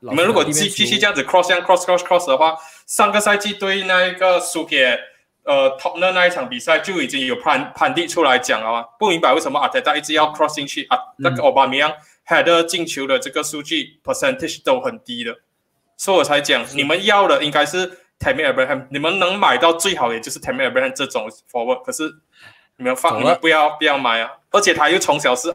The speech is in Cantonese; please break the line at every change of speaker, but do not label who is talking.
你們如果繼繼續這樣子 cross、cross、cross, cross、cross 的話，上個賽季對那一個輸給，呃，Top 聯那一場比賽就已經有判判定出來講了啊，不明白為什麼阿泰大一直要 cross 進去、嗯、啊，那個奧巴米揚 header 進球的這個數據 percentage 都很低的，所以我才講，是你們要的應該是 Tammy Abraham 你們能買到最好也就是 Tammy Abraham 這種 forward，可是你們放，了你們不要不要買啊，而且他又從小是。